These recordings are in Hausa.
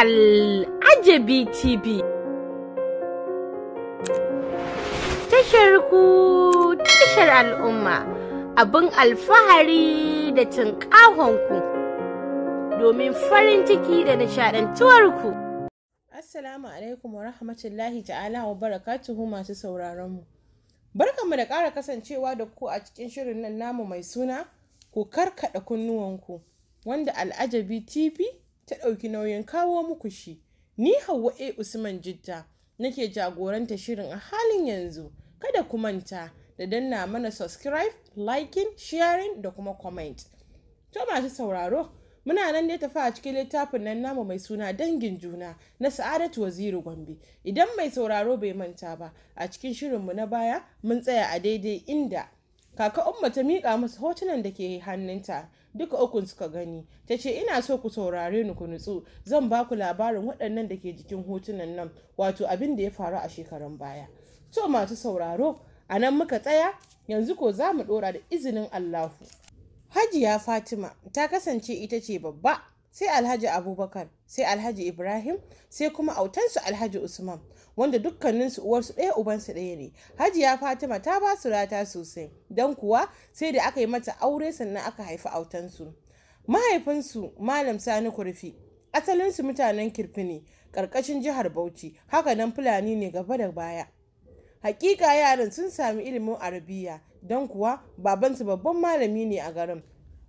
Al'ajabi TV. Tashar ku tashar al'umma abin alfahari da ku domin farin ciki da ku Assalamu alaikum wa rahmatullahi ta'ala wa barakatuhu masu sauraronmu. Barkanmu da ƙara kasancewa da ku a cikin shirin nan namu mai suna ku karkaɗa kunnuwanku wanda Al'ajabi TV ta ɗauki nauyin kawo muku shi. Ni Hauwa A. Usman Jitta nake jagoranta shirin a halin yanzu. Kada ku manta da danna mana subscribe, liking, sharing da kuma comment. To masu sauraro, muna nan dai tafi a cikin littafin nan namu mai suna dangin juna na sa'adatu waziri gombe idan mai sauraro bai manta ba a cikin shirin mu na baya mun tsaya a daidai inda kaka umma ta miƙa musu hotunan da ke hannunta duka ukun suka gani ta ce ina so ku saurare ni ku nutsu zan ba ku labarin waɗannan da ke jikin hotunan nan wato abin da ya faru a shekaran baya to masu sauraro a nan muka tsaya yanzu ko za mu ɗora da izinin allahu hajiya fatima ta kasance ita ce babba sai alhaji abubakar sai alhaji ibrahim sai kuma autansu alhaji usman wanda dukkaninsu uwarsu ɗaya ubansu ɗaya ne hajiya fatima ta ba su rata sosai don kuwa sai da aka yi mata aure sannan aka haifi autansu mahaifinsu malam sani kurfi asalinsu mutanen kirfi ne ƙarƙashin jihar bauchi haka nan fulani ne gaba da baya hakika yaran sun sami ilimin arabiya don kuwa babansu babban malami ne a garin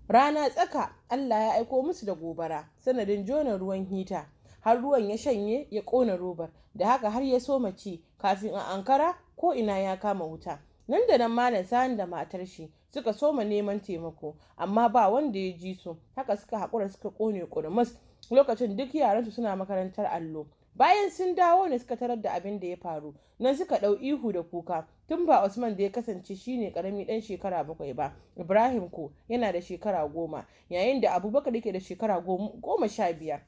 rana tsaka allah ya aiko musu da gobara sanadin jona ruwan hita har ruwan ya shanye ya ƙona robar da haka har ya soma ci kafin a ankara ko ina ya kama wuta nan da nan malam sani da matar shi suka soma neman taimako amma ba wanda ya ji su haka suka haƙura suka ƙone ƙurmus lokacin duk yaransu suna makarantar allo bayan sun dawo ne suka tarar da abin da ya faru nan suka ɗau ihu da kuka tun ba Usman da ya kasance shi ne karami dan shekara bakwai ba Ibrahim ko yana da shekara goma yayin da Abubakar yake da shekara goma sha biyar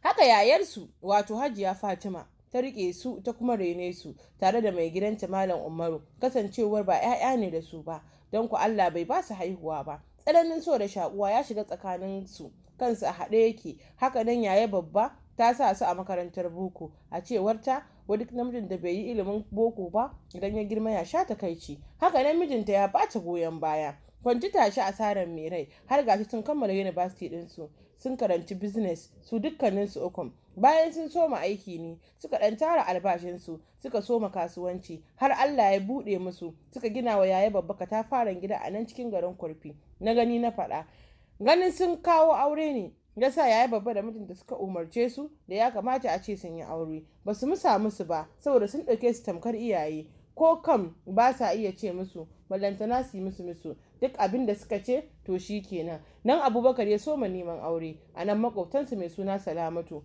haka yayarsu wato Hajiya Fatima ta rike su ta kuma rene su tare da mai gidanta Malam Umaru kasancewar ba 'ya'ya ne da su ba don ku Allah bai ba su haihuwa ba tsananin so da shakuwa ya shiga tsakanin su kansu a haɗe yake haka nan yaya babba ta sa su a makarantar boko a cewarta ta duk namijin da bai yi ilimin boko ba idan ya girma ya sha takaici haka nan mijinta ya bata goyon baya kwanci shi asarar mai rai har gashi sun kammala university su sun karanci business su dukkanin su ukun bayan sun soma aiki ne suka ɗan tara albashinsu suka soma kasuwanci har allah ya bude musu suka gina wa yaya babba katafaren gida a nan cikin garin kurfi na gani na faɗa ganin sun kawo aure ne ya yayi babba da mijinta suka umarce su da ya kamata a ce sun yi aure ba su musa musu ba saboda sun ɗauke su tamkar iyaye ko kam ba sa iya ce musu ballantana su yi musu musu duk abin da suka ce to shi kenan nan abubakar ya soma neman aure a nan makwabtansu mai suna salamatu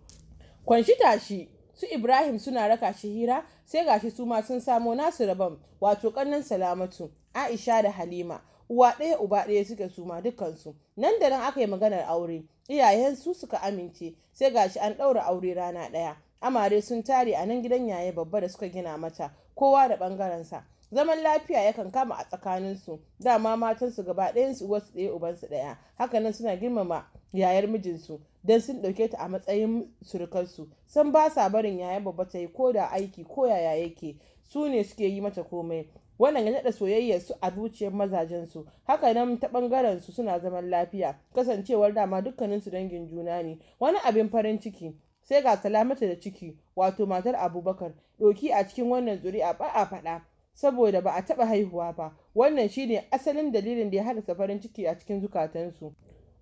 kwanshi tashi su ibrahim suna raka shi hira sai gashi su ma sun samo nasu rabon wato kannan salamatu aisha da halima uwa ɗaya uba ɗaya suke suma dukansu nan da nan aka yi maganar aure iyayen su suka amince sai gashi an ɗaura aure rana ɗaya amare sun tare a nan gidan yaye babba da suka gina mata kowa da ɓangarensa zaman lafiya yakan kama a tsakaninsu dama matansu gaba ɗayansu uwarsu ɗaya ubansu ɗaya hakanan suna girmama yayar mijinsu don sun ɗauke ta a matsayin surukarsu san ba sa barin yayan babba ta yi ko da aiki ko yaya yake su ne suke yi mata komai wannan ya daɗa soyayyar su a zuciyar mazajen su haka nan ta bangaren su suna zaman lafiya kasancewar dama dukkanin su dangin juna ne wani abin farin ciki sai ga salamata da ciki wato matar abubakar ɗoki a cikin wannan zuri'a ba a faɗa saboda ba a taɓa haihuwa ba wannan shine asalin dalilin da ya haddasa farin ciki a cikin zukatansu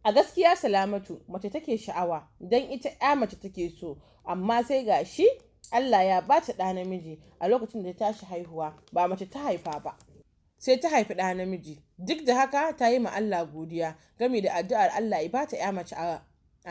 a gaskiya salamatu mace take sha'awa dan ita ya mace take so amma sai ga shi Allah ya ta ɗa namiji a lokacin da ta tashi haihuwa ba mace ta haifa ba. Sai ta haifi ɗa namiji, duk da haka ta yi ma Allah godiya gami da addu'ar Allah ya bata ya mace a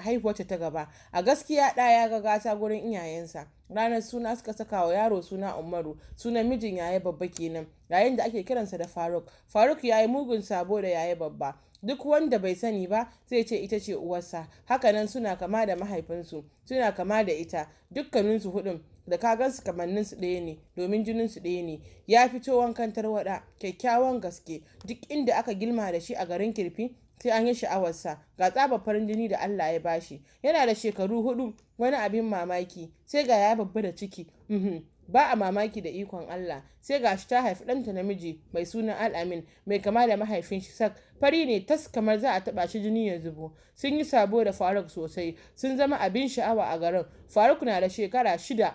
haihuwarta ta gaba. A gaskiya ɗa ya ga gata gurin iyayensa. Ranar suna suka saka wa yaro suna Umaru, sunan mijin yaya babba kenan, yayin da ake kiransa da Faruk. Faruk ya yi mugun sabo da yaye babba, duk wanda bai sani ba zai ce ita ce uwarsa hakanan suna kama da mahaifinsu suna kama da ita dukkaninsu hudun da kagansu kamanninsu ɗaya ne domin jininsu ɗaya ne ya fito wankan tarwaɗa kyakkyawan gaske duk inda aka gilma da shi a garin kirfi sai an yi sha'awarsa ga tsabar farin jini da Allah ya bashi yana da shekaru hudu wani abin mamaki sai ga ya babba da ciki uhm. ba a mamaki da ikon Allah sai ga shi ta haifi ɗanta namiji mai sunan al'amin mai kama da mahaifin shi sak fari ne tas kamar za a taɓa shi jini ya zubo sun yi sabo da faruk sosai sun zama abin sha'awa a garin faruk na da shekara shida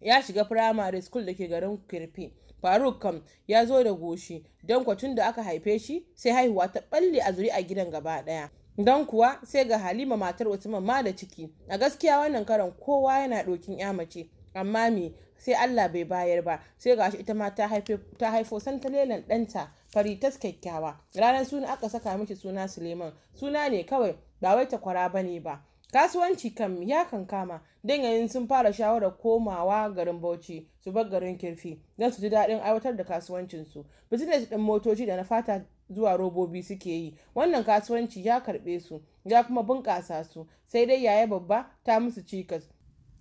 ya shiga firamare school da ke garin kirfi faruk kam ya zo da goshi don tun da aka haife shi sai haihuwa ta ɓalle a zuri a gidan gaba ɗaya don kuwa sai ga halima matar wasu ma da ciki a gaskiya wannan karon kowa yana ɗokin ya mace amma me sai Allah bai bayar ba sai ga shi ita ma ta haifo santalelan ɗanta fari tas kyakkyawa ranar suna aka saka mishi suna suleiman suna ne kawai ba wai takwara ba ne ba kasuwanci kam ya kan kama don yayin sun fara shawarar komawa garin bauchi su bar garin kirfi don su ji daɗin aiwatar da kasuwancinsu business ɗin motoci da na fata zuwa robobi suke yi wannan kasuwanci ya karɓe su ya kuma bunƙasa su sai dai yaya babba ta musu cikas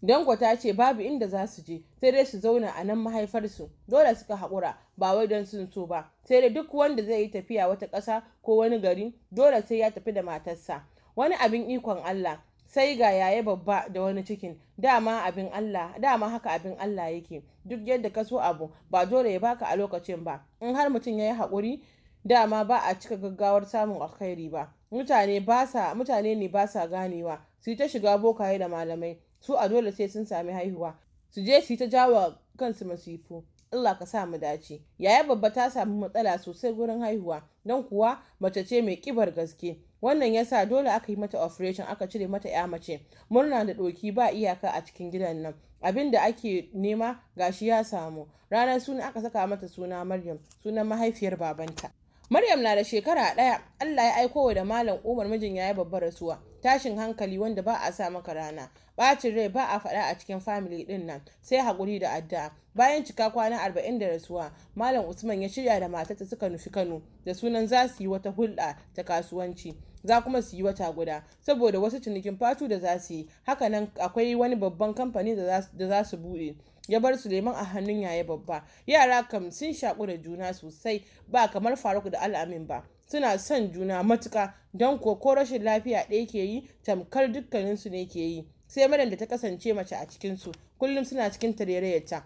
Dango ta ce babu inda za su je sai dai su zauna a nan mahaifarsu dole suka haƙura ba wai don sun so ba sai dai duk wanda zai yi tafiya wata ƙasa ko wani gari dole sai ya tafi da matarsa wani abin ikon Allah sai ga yaya babba da wani cikin dama abin Allah dama haka abin Allah yake duk yadda ka so abu ba dole ya baka a lokacin ba in har mutum ya yi haƙuri dama ba a cika gaggawar samun alkhairi ba mutane ne ba sa ganewa su yi ta shiga bokaye da malamai su a dole sai sun sami haihuwa su je su yi ta jawa kansu masifu Allah ka sa mu dace yaya babba ta samu matsala sosai gurin haihuwa don kuwa mace ce mai kibar gaske wannan yasa dole aka yi mata operation aka cire mata ya mace murna da doki ba iyaka a cikin gidan nan abin da ake nema gashi ya samu ranar suna aka saka mata suna maryam sunan mahaifiyar babanta Maryam na da shekara ɗaya, Allah ya aiko wa da Malam Umar mijin ya yi babbar rasuwa, tashin hankali wanda ba a sa maka rana, ɓacin rai ba a faɗa a cikin family ɗin nan, sai haƙuri da addu'a. Bayan cika kwana arba'in da rasuwa, Malam Usman ya shirya da matarsa suka nufi Kano da sunan za su yi wata hulɗa ta kasuwanci. Za kuma su yi wata guda, saboda wasu cinikin fatu da za su yi, hakanan akwai wani babban kamfani da za su buɗe. ya bar Suleiman a hannun yaya babba yara kam sun shaƙu da juna sosai ba kamar Faruk da Al'amin ba suna son juna matuka don ko ko rashin lafiya ɗaya ke yi tamkar dukkaninsu ne ke yi sai madan da ta kasance mace a cikinsu kullum suna cikin ta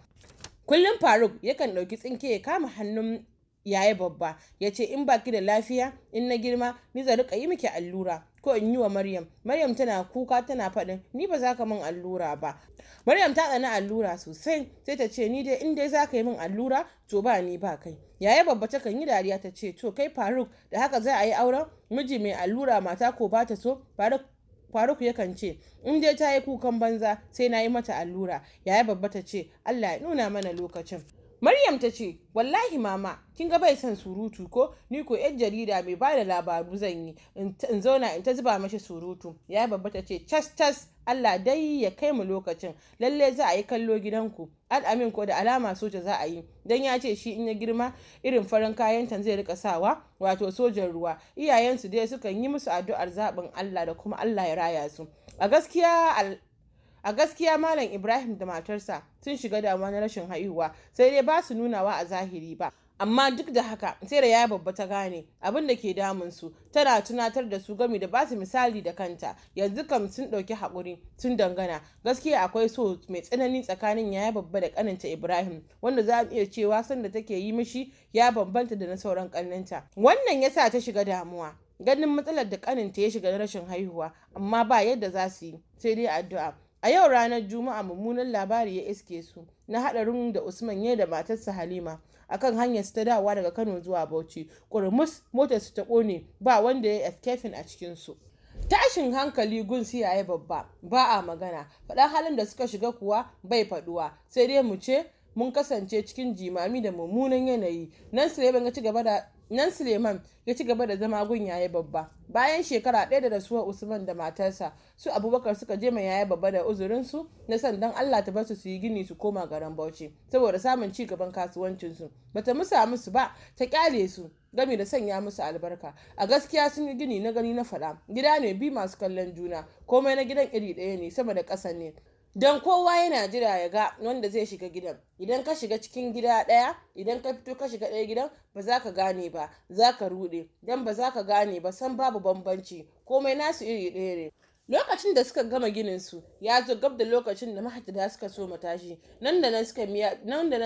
kullum Faruk yakan ɗauki tsinke ya kama hannun yaya babba ya ce in baki da lafiya in na girma ni za rika yi miki allura ko in yi wa Maryam. Maryam tana kuka tana faɗin ni ba za ka min allura ba. Maryam ta tsani allura sosai sai ta ce ni dai in dai za ka yi min allura to ba ni ba kai. Yaya babba ta kan yi dariya ta ce to kai Faruk da haka za a yi auren miji mai allura mata ko ba ta so Faruk Faruk yakan ce, in dai ta yi kukan banza sai na yi mata allura, yaya babba ta ce, Allah ya nuna mana lokacin. Maryam ta ce, Wallahi mama, kin ga bai son surutu ko ni ko yan jarida mai ba da labaru zan yi in zauna in ta zuba mashi surutu. Ya yi babba ta ce, Cas cas Allah dai ya kai mu lokacin, lallai za a yi kallo gidanku. Al'amin ko da alama soja za a yi, dan ya ce shi in ya girma irin farin kayan tan zai rika sawa wato sojan ruwa. Iyayensu dai sukan yi musu addu'ar zaɓin Allah da kuma Allah ya raya su. A gaskiya a gaskiya malam ibrahim da matarsa sun shiga damuwa na rashin haihuwa sai dai ba su nunawa a zahiri ba amma duk da haka sai da ya babba ta gane abin da ke damun su tana tunatar da su gami da ba su misali da kanta yanzu kam sun ɗauki haƙuri sun dangana gaskiya akwai so mai tsanani tsakanin yaya babba da ƙaninta ibrahim wanda za iya cewa sanda take yi mishi ya bambanta da na sauran ƙannanta wannan ya sa ta shiga damuwa ganin matsalar da ƙaninta ya shiga na rashin haihuwa amma ba yadda za su yi sai dai addu'a A yau ranar Juma'a mummunan labari ya iske su na hadarin da Usman ya da matarsa Halima akan hanyar su ta dawa daga Kano zuwa Bauchi. Kurmus motar su ta ƙone ba wanda ya escaping a cikin su. Tashin hankali gun ya babba ba a magana faɗan halin da suka shiga kuwa bai faɗuwa sai dai mu ce mun kasance cikin jimami da mummunan yanayi nan sai ban ga ci gaba da nan suleiman ya ci gaba da zama gun yaya babba bayan shekara ɗaya da rasuwar usman da matarsa su abubakar suka je mai yaya babba da uzurin su na san dan allah ta basu su yi gini su koma garin bauchi saboda samun ci gaban kasuwancin su bata musa musu ba ta kyale su gami da sanya musu albarka a gaskiya sun yi gini na gani na faɗa gida ne bi masu kallon juna komai na gidan iri ɗaya ne sama da ƙasa ne don kowa yana jira ya ga wanda zai shiga gidan idan ka shiga cikin gida ɗaya idan ka fito ka shiga ɗaya gidan ba za ka gane ba za ka ruɗe don ba za ka gane ba san babu bambanci komai nasu iri ɗaya ne lokacin da suka gama ginin su ya zo gab da lokacin da mahajjata suka so mu tashi nan da nan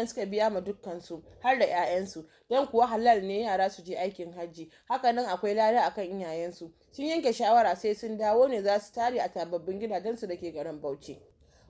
suka biya ma dukkansu, har da 'ya'yansu don kuwa halal ne yara su je aikin hajji haka nan akwai lada akan iyayensu sun yanke shawara sai sun dawo ne za su tare a tababbin gidajensu da ke garin Bauchi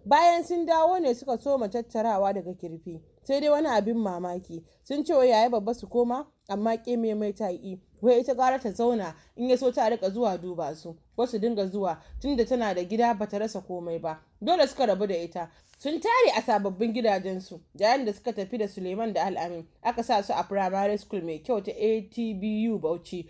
bayan sun dawo ne suka soma tattarawa daga kirfi sai dai wani abin mamaki sun ce wai yaya babba su koma amma ke mai ta yi wai ita gara ta zauna in ya so ta rika zuwa duba su wasu dinga zuwa tunda tana da gida bata rasa komai ba dole suka rabu da ita sun tare a sababbin gidajensu yayin da suka tafi da suleiman da al'amin aka sa su a primary school mai kyau ta atbu bauchi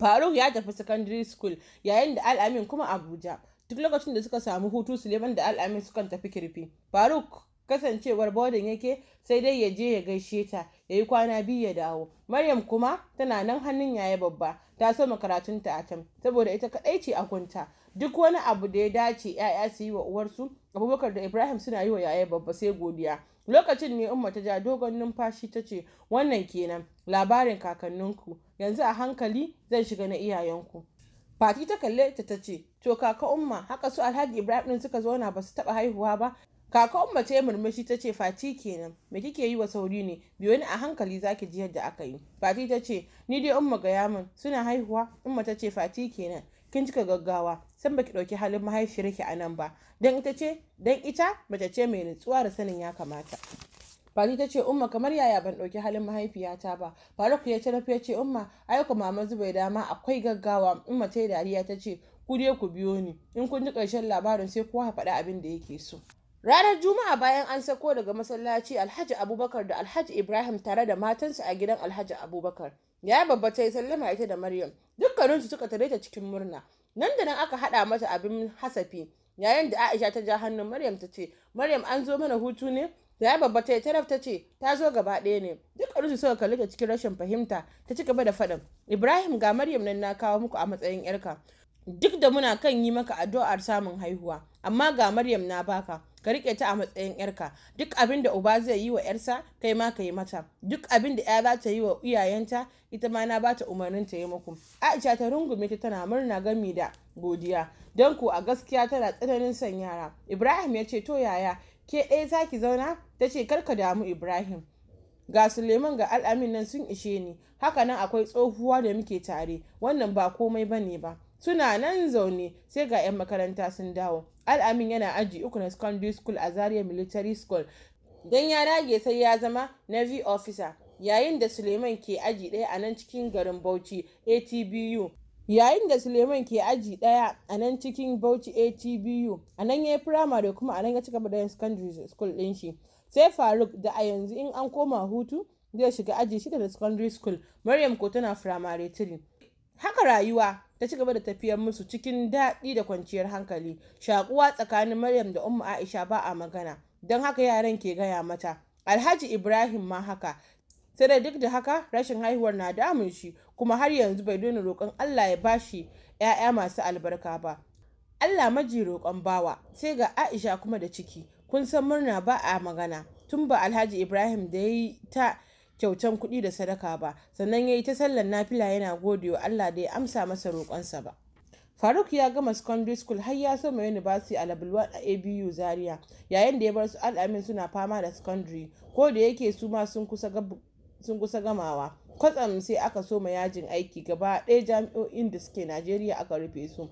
faruk ya tafi secondary school yayin da al'amin kuma abuja duk lokacin da suka samu hutu suleiman da al'amin sukan tafi kirfi faruk kasancewar bodin yake sai dai ya je ya gaishe ta ya yi kwana biyu ya dawo maryam kuma tana nan hannun yaya babba ta so makaratunta a can saboda ita kaɗai ce a kunta duk wani abu da ya dace 'ya'ya su yi wa uwarsu abubakar da ibrahim suna yi wa yaya babba sai godiya lokacin ne umma ta ja dogon numfashi ta ce wannan kenan labarin kakanninku yanzu a hankali zan shiga na iyayenku Fati ta kalle ta ta ce, To kaka umma haka su Alhaji Ibrahim din suka zauna ba su taɓa haihuwa ba. Kaka umma ta yi murmushi ta ce Fati kenan, me kike yi wa sauri ne, bi wani a hankali zaki ji yadda aka yi. Fati ta ce, Ni dai umma gaya min suna haihuwa, umma ta ce Fati kenan. Kin cika gaggawa, san baki ɗauki halin mahaifiyarki a nan ba, dan ita ce, dan ita mace ce mai nutsuwa da sanin ya kamata. fati ta ce umma kamar yaya ban ɗauki halin mahaifiyata ba faruk ya tarafi ya ce umma ku mama zubai dama akwai gaggawa umma ta yi dariya ta ce ku dai ku biyo ni in kun ji ƙarshen labarin sai kowa ya faɗi abin da yake so Ranar Juma'a bayan an sako daga masallaci Alhaji Abubakar da Alhaji Ibrahim tare da matansu a gidan Alhaji Abubakar. Ya babba ta yi sallama ita da Maryam. Dukkaninsu suka tare ta cikin murna. Nan da nan aka haɗa mata abin hasafi. Yayin da Aisha ta ja hannun Maryam ta ce, "Maryam an zo mana hutu ne?" ya babba ta taraf ta ce ta zo gaba ɗaya ne dukkanin su suka kalli ta cikin rashin fahimta ta cigaba da faɗin ibrahim ga maryam nan na kawo muku a matsayin yarka duk da muna kan yi maka addu'ar samun haihuwa amma ga maryam na baka ka rike ta a matsayin yarka duk abin da uba zai yi wa yarsa kai ma ka yi mata duk abin da ya za ta yi wa iyayenta ita ma na bata umarnin ta yi muku aisha ta rungume ta tana murna gami da godiya don ku a gaskiya tana tsananin son yara ibrahim ya ce to yaya ke ɗaya za ki zauna ta ce karka damu ibrahim ga suleiman ga al'amin nan sun ishe ni haka nan akwai tsohuwa da muke tare wannan ba komai ba ne ba suna nan zaune sai ga 'yan makaranta sun dawo al'amin yana aji uku na secondary school a zaria military school don ya rage sai ya zama navy officer yayin da suleiman ke aji ɗaya a nan cikin garin bauchi atbu yayin da suleiman ke aji daya a nan cikin bauchi atbu a nan ya yi firamare kuma a nan ya ci gaba da yin secondary school din shi sai faruk da a yanzu in an koma hutu zai shiga aji shida da secondary school maryam ko tana firamare tiri haka rayuwa ta ci gaba da tafiyar musu cikin daɗi da kwanciyar hankali shaƙuwa tsakanin maryam da umma aisha ba a magana don haka yaran ke gaya mata alhaji ibrahim ma haka sai dai duk da haka rashin haihuwar na damun shi kuma har yanzu bai daina roƙon Allah ya bashi ‘ya'ya masu albarka ba. Allah maji roƙon bawa sai ga Aisha kuma da ciki kun san murna ba a magana tun ba Alhaji Ibrahim da ya yi ta kyautan kuɗi da sadaka ba sannan ya yi ta sallar nafila yana gode wa Allah da ya amsa masa roƙonsa ba. Faruk ya gama secondary school har ya soma university a level a ABU Zaria yayin da ya bar su al'amin suna fama da secondary ko da yake su ma sun kusa sun kusa gamawa kwatsam sai aka soma yajin aiki gaba ɗaya jami'o'in da suke najeriya aka rufe su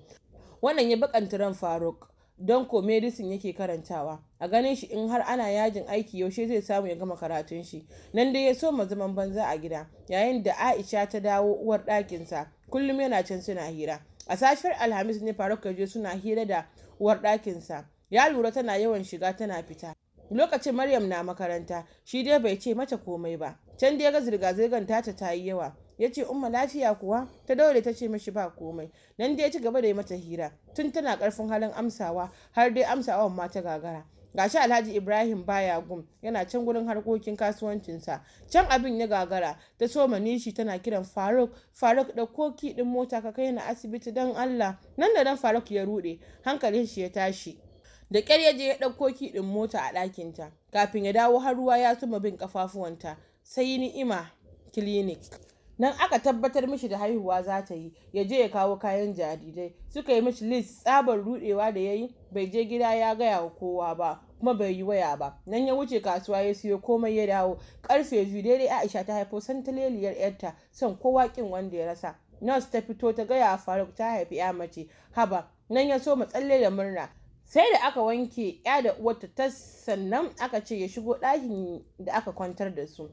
wannan ya bakanta ran faruk don ko medicine yake karantawa a ganin shi in har ana yajin aiki yaushe zai samu ya gama karatun shi nan dai ya so ma zaman banza a gida yayin da aisha ta dawo uwar ɗakinsa kullum yana can suna hira a safiyar alhamis ne faruk ya je suna hira da uwar ɗakinsa ya lura tana yawan shiga tana fita lokacin maryam na makaranta shi dai bai ce mata komai ba can dai ya ga zirga-zirgar tata ta yi yawa ya ce umma lafiya kuwa ta daure ta ce mashi ba komai nan da ya ci gaba da yi mata hira tun tana karfin halin amsawa har dai amsawa ma ta gagara gashi alhaji ibrahim baya gum yana can gurin harkokin kasuwancinsa can abin ya gagara ta so nishi tana kiran faruk faruk da koki din mota ka kai na asibiti don allah nan da nan faruk ya rude hankalin shi ya tashi da ƙyar ya je ya ɗauko kiɗin mota a ɗakinta kafin ya dawo har ruwa ya suma bin ƙafafuwanta sai ni'ima clinic nan aka tabbatar mishi da haihuwa za ta yi ya je ya kawo kayan jarirai suka yi mishi list tsabar rudewa da ya yi bai je gida ya gaya wa kowa ba kuma bai yi waya ba nan ya wuce kasuwa ya siyo komai ya dawo karfe biyu daidai aisha ta haifo santaleliyar yarta son kowa kin wanda ya rasa nurse ta fito ta gaya a faruk ta haifi ya mace haba nan ya so tsalle da murna sai da aka wanke ya da uwarta ta sannan aka ce ya shigo ɗakin da aka kwantar da su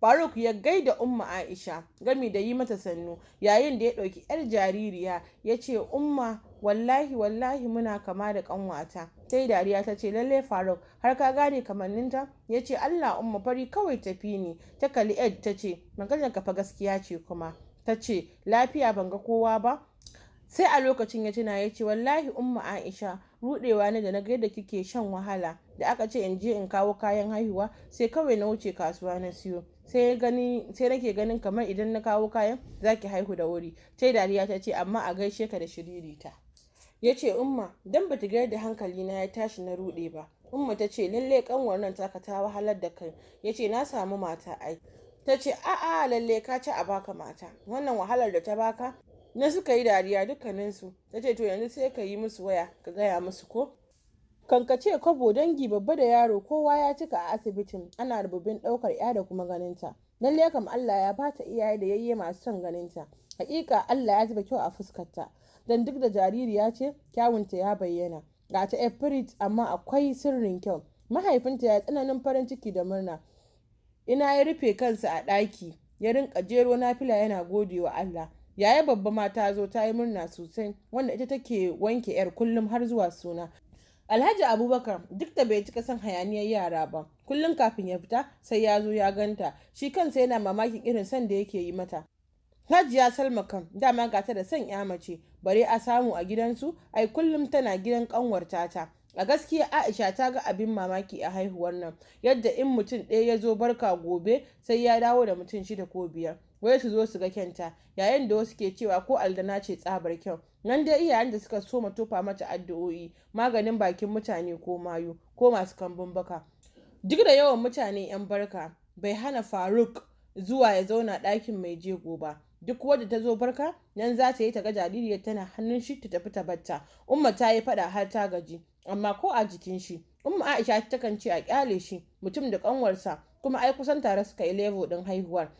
Faruk ya gaida Umma Aisha gami da yi mata sannu yayin da ya ɗauki 'yar jaririya ya ce Umma wallahi wallahi muna kama da ƙanwata sai dariya ta ce lalle Faruk har ka gane kamanninta ya ce Allah Umma fari kawai tafi ni!" ta kalli Ed ta ce maganar ka fa gaskiya ce kuma ta ce lafiya ban ga kowa ba sai a lokacin ya tuna ya ce wallahi umma aisha rudewa ne da na ga yadda kike shan wahala da aka ce in je in kawo kayan haihuwa sai kawai na wuce kasuwa na siyo sai sai nake ganin kamar idan na kawo kayan zaki haihu da wuri ta dariya ta ce amma a gaishe ka da shiririta ya ce umma dan bata ga da hankali na ya tashi na rude ba umma ta ce lalle kanwar nan taka ta wahalar da kai ya ce na samu mata ai ta ce a'a lalle ka ci a baka mata wannan wahalar da ta baka na suka yi dariya dukkaninsu ta ce to yanzu sai ka yi musu waya ka gaya musu ko Kankace kwabo dangi babba da yaro kowa ya cika a asibitin ana rububin ɗaukar ya da kuma ganinta. Lalle lekam Allah ya bata iyaye da yayye masu son ganinta. Hakika Allah ya zuba kyau a fuskarta. Dan duk da jariri ya ce kyawunta ya bayyana. Ga ta Efrit amma akwai sirrin kyau. Mahaifinta ya tsananin farin ciki da murna. Ina ya rufe kansa a ɗaki ya rinka jero na fila yana wa Allah. Yaya babba ma ta zo ta yi murna sosai wanda ita take wanke 'yar kullum har zuwa suna. Alhaji Abubakar duk da bai cika son hayaniyar yara ba, kullum kafin ya fita sai ya zo ya ganta, shi kansa yana mamakin irin son da yake yi mata. Hajiya Salma kan dama gata da son ya mace, bare a samu a gidansu, ai kullum tana gidan kanwar tata. A gaskiya Aisha ta ga abin mamaki a haihuwar nan, yadda in mutum ɗaya ya zo barka gobe sai ya dawo da mutum shida ko biyar. Wai su zo su ga kyanta, yayin da wasu ke cewa ko aldana ce tsabar kyau, nan dai iyayen da suka soma tofa mata addu'o'i maganin bakin mutane ko mayu ko masu kambun baka duk da yawan mutane 'yan barka bai hana faruk zuwa ya zauna ɗakin mai jego ba duk wadda ta zo barka nan za ta yi ta ga jaririyar tana hannun shi ta tafi ta batta umma ta yi faɗa har ta gaji amma ko a jikin shi umma aisha takan ce a kyale shi mutum da kanwarsa kuma ai kusan tare suka yi levo ɗin haihuwar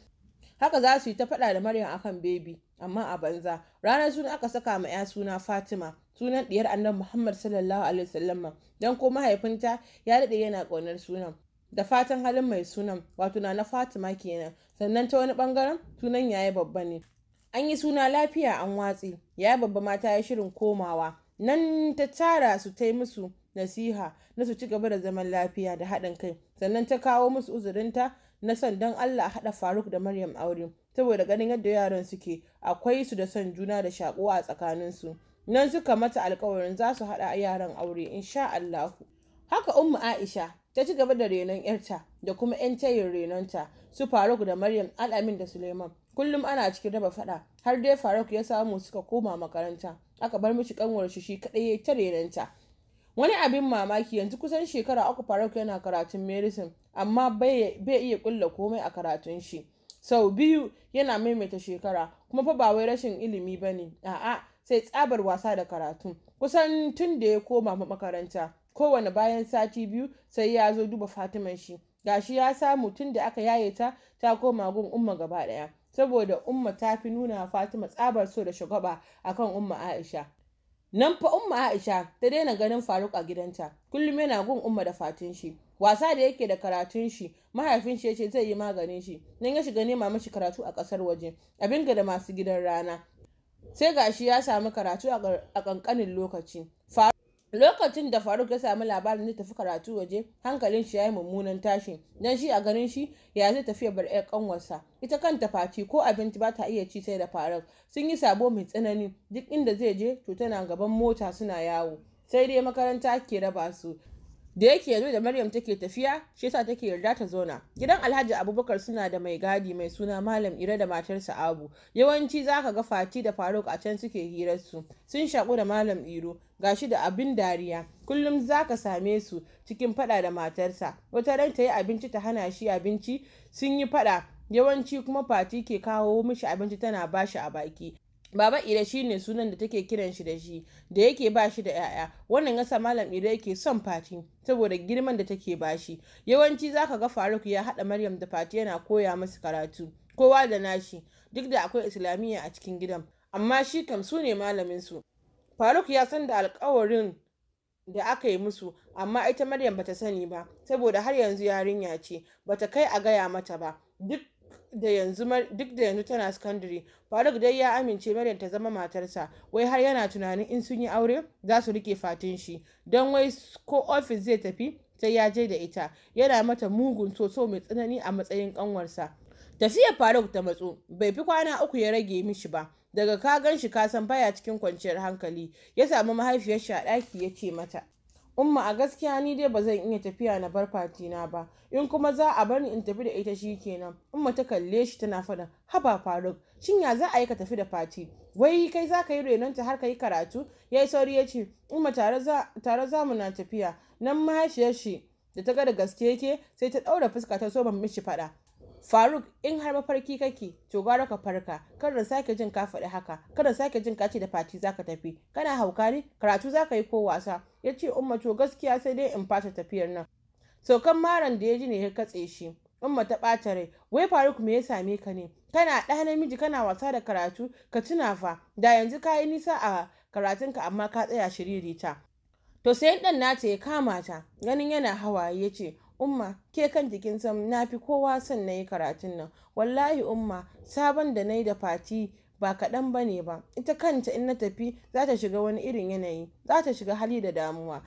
haka za su yi ta faɗa da maryam akan bebi amma a banza ranar suna aka saka ma ya suna fatima sunan ɗiyar annabi muhammad sallallahu alaihi wasallam dan ko mahaifinta ya daɗe yana ƙaunar sunan da fatan halin mai sunan wato na na fatima kenan sannan ta wani bangaren sunan yayi babba ne an yi suna lafiya an watsi yayi babba mata ya shirin komawa nan ta tara su ta musu nasiha na su ci gaba da zaman lafiya da haɗin kai sannan ta kawo musu uzurinta na son don allah haɗa faruk da maryam aure saboda ganin yadda yaran suke akwai su da son juna da shakuwa a tsakaninsu nan suka mata alkawarin za su haɗa yaran aure in sha Allahu haka ummu Aisha ta ci gaba da renon yarta da kuma yan tayin renonta su Faruk da Maryam Al-Amin da Suleiman kullum ana cikin raba faɗa har dai Faruk ya samu suka koma makaranta aka bar mishi kanwar shi shi kaɗai ya ta renonta wani abin mamaki yanzu kusan shekara uku Faruk yana karatun medicine amma bai iya kulla komai a karatun shi sau biyu yana maimaita shekara kuma fa ba wai rashin ilimi ba ne a'a sai tsabar wasa da karatu kusan tun da ya koma makaranta kowane bayan sati biyu sai ya zo duba fatiman shi gashi ya samu tun da aka yaye ta ta koma gun umma gaba ɗaya saboda umma ta fi nuna fatima tsabar so da shagwaba akan umma aisha Nan fa Umma Aisha ta daina ganin Faruk a gidanta, kullum yana gun Umma da fatin shi. Wasa da yake da karatun shi, mahaifin shi yace zai yi maganin shi. Nan ya shiga nema mashi karatu a ƙasar waje, abin ga da masu gidan rana. Sai gashi ya samu karatu a ƙanƙanin lokaci. lokacin da faruk ya sami labarin zai tafi karatu waje hankalin shi ya yi mummunan tashi don shi a ganin shi ya zai tafi ya bar yar kanwarsa ita kanta faci ko abinci ba ta iya ci sai da faruk sun yi sabo mai tsanani duk inda zai je to tana gaban mota suna yawo sai dai makaranta ke raba su da yake yanzu da maryam take tafiya shi yasa take yarda ta zauna gidan alhaji abubakar suna da mai gadi mai suna malam Iro da matarsa abu yawanci zaka ga fati da faruk a can suke hirarsu sun shaku da malam iro gashi da abin dariya kullum zaka same su cikin fada da matarsa wata ran ta yi abinci ta hana shi abinci sun yi fada yawanci kuma fati ke kawo mishi abinci tana bashi a baki Baba Ire shi ne sunan da take kiran shi da shi da yake ba shi da 'ya'ya wannan yasa Malam Ire yake son Fati saboda girman da take ba shi yawanci zaka ga Faruk ya haɗa Maryam da Fati yana koya musu karatu kowa da nashi duk da akwai islamiyya a cikin gidan amma shi kam su ne malamin su Faruk ya san da alƙawarin da aka yi musu amma ita Maryam bata sani ba saboda har yanzu yarinya ce bata kai a gaya mata ba duk da yanzu duk da yanzu tana secondary faruk dai ya amince maryam ta zama matarsa wai har yana tunanin in sun yi aure za su rike fatin shi don wai ko ofis zai tafi sai ya je da ita yana mata mugun soso mai tsanani a matsayin kanwarsa tafiyar faruk ta matsu bai fi kwana uku ya rage mishi ba daga ka gan shi ka san baya cikin kwanciyar hankali ya samu mahaifiyar shi a ɗaki ya ce mata umma a gaskiya ni dai ba zan iya tafiya na bar Fati na ba in kuma za a bar ni in tafi da ita shi kenan umma ta kalle shi tana faɗa haba faruk shin ya za a yi ka tafi da fati wai kai za ka yi ta har ka yi karatu ya yi sauri ya ce umma tare za mu na tafiya nan mahaifiyar shi da ta ga da gaske yake sai ta ɗaura fuska ta so ban mishi faɗa faruk in har mafarki kake to gara ka farka Kar da sake jin ka faɗi haka kar da sake jin ka ce da fati zaka tafi kana hauka ne karatu zaka yi ko wasa ya ce umma to gaskiya sai dai in fata tafiyar nan saukan maran da ya ji ne ya katse shi umma ta ɓata rai wai faruk me ya same ka ne kana ɗa namiji kana wasa da karatu ka tuna fa da yanzu ka yi nisa a karatunka amma ka tsaya shiririta to sai ɗan nata ya kama ta ganin yana hawaye ya ce umma ke kan jikin sam na fi kowa son na yi karatun nan wallahi umma sabon da na yi da fati ba kaɗan ba ne ba ita kanta in na tafi za ta shiga wani irin yanayi za ta shiga hali da damuwa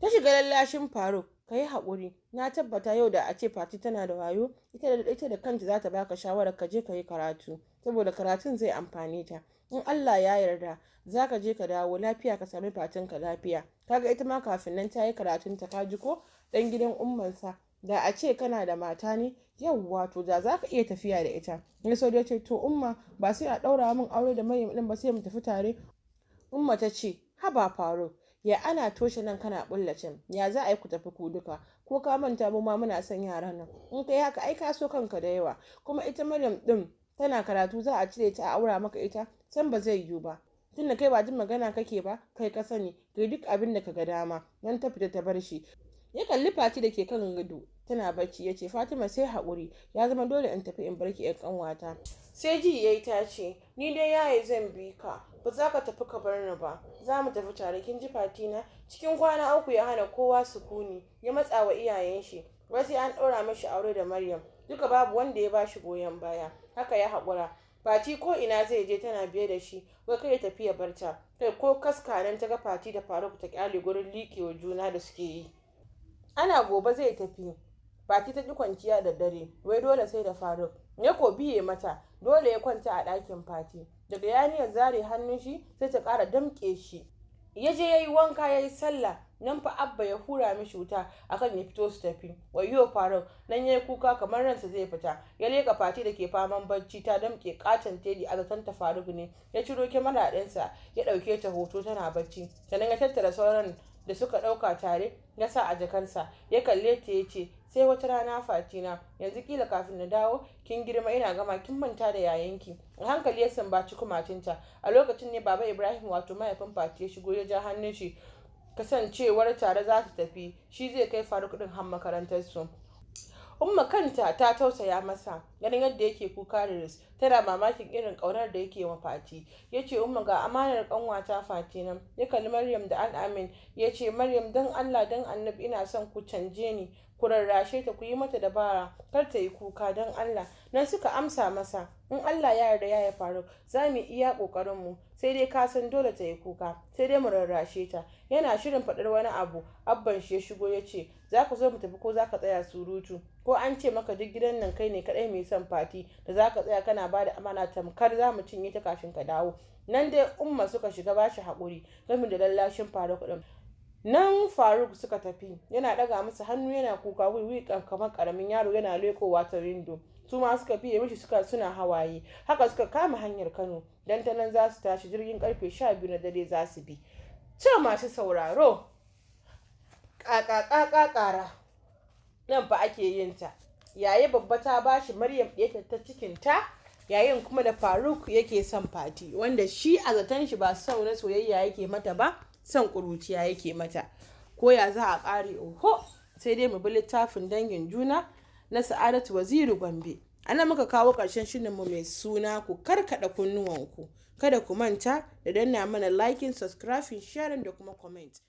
ta shiga lallashin faruk ka yi haƙuri na tabbata yau da a ce fati tana da wayo ita da ita da kanta za ta baka shawarar ka je ka yi karatu saboda karatun zai amfani ta in Allah ya yarda za ka je ka dawo lafiya ka sami fatin ka lafiya kaga ita ma kafin nan ta yi karatun ta ka ji ko ɗan gidan ummansa da a ce kana da mata ne Yau, wato da za ka iya tafiya da ita ya sau ya ce to umma ba sai a ɗaura min aure da maryam ɗin ba sai mu tafi tare umma ta ce haba faru. ya ana toshe nan kana bullacin ya za a yi ku tafi ku duka ko ka manta mu ma muna son yaran nan in kai haka ai ka so kanka da yawa kuma ita maryam ɗin tana karatu za a cire ta a aura maka ita san ba zai yiwu ba tunda kai ba jin magana kake ba kai ka sani kai duk abin da ka ga dama nan ta fita ta bar shi ya kalli fati da ke kan gado tana bacci ya ce fatima sai haƙuri ya zama dole in tafi in barki yan kanwata sai ji yayi ta ce ni dai yaye zan bi ka ba za ka tafi ka bar ni ba za mu tafi tare kin ji na? cikin kwana uku ya hana kowa sukuni ya matsa wa iyayen shi wasu an ɗora mashi aure da maryam duka babu wanda ya bashi goyon baya haka ya haƙura Fati ko ina zai je tana biye da shi wai kai ya tafi ya barta kai ko kaska nan ta ga Fati da Faruk ta kyale gurin likewa juna da suke yi ana gobe zai tafi Fati ta ki kwanciya da dare, wai dole sai da Faruk. ne ko biye mata, dole ya kwanta a ɗakin Fati. Daga yaniyar zare hannun shi sai ta ƙara damƙe shi. Ya je ya yi wanka ya yi sallah, nan fa Abba ya hura mishi wuta akan ya fito su tafi. wayo Faruk, nan ya yi kuka kamar ransa zai fita. Ya leka Fati da ke faman barci ta damƙe ƙaton teli a zaton ta Faruk ne. Ya ciro kyamara ɗinsa, ya ɗauke ta hoto tana barci. Sannan ya tattara sauran da suka ɗauka tare ya sa a jakansa? ya kalle ta ya ce sai wata rana fatina yanzu kila kafin na dawo kin girma ina gama kin manta da yayanki a hankali ya sambaci kumatinta a lokacin ne baba ibrahim wato mahaifin fati ya shigo ya ja hannun shi kasancewar tare za ta tafi shi zai kai faruk din har makarantar su umma kanta ta tausaya masa ganin yadda yake kuka da ris tana mamakin irin ƙaunar da yake wa fati ya ce umma ga amanar ƙanwata fati nan ya kalli maryam da al'amin." amin ya ce maryam don allah don annabi ina son ku canje ni ku rarrashe ta ku yi mata dabara kar ta yi kuka don Allah nan suka amsa masa in Allah ya yarda ya faru za mu iya kokarin mu sai dai ka san dole ta yi kuka sai dai mu rarrashe ta yana shirin faɗar wani abu abban shi ya shigo ya ce za ka zo mu tafi ko za ka tsaya surutu ko an ce maka duk gidan nan kai ne kaɗai mai son fati da za ka tsaya kana ba da amana tamkar za mu cinye ta kafin ka dawo nan dai umma suka shiga bashi haƙuri game da lallashin faru kuɗin nan faruk suka tafi yana daga masa hannu yana kuka wiwi kamar karamin yaro yana leko ta windo su ma suka fiye mishi suka suna hawaye haka suka kama hanyar kano dan ta nan za su tashi jirgin karfe sha biyu na dare za su bi ce masu sauraro ƙaƙaƙaƙaƙara nan fa ake yin ta yayi babba ta bashi maryam ɗaya ta cikin ta yayin kuma da faruk yake son fati wanda shi a zaton shi ba sau na soyayya yake mata ba san ƙuruciya yake mata ko ya za a ƙare oho sai dai mu bi littafin dangin juna na sa'adatu waziri gombe ana muka kawo ƙarshen mu mai suna ku karkaɗa kunnuwanku kada ku manta da danna mana liking subscribing sharing da kuma comment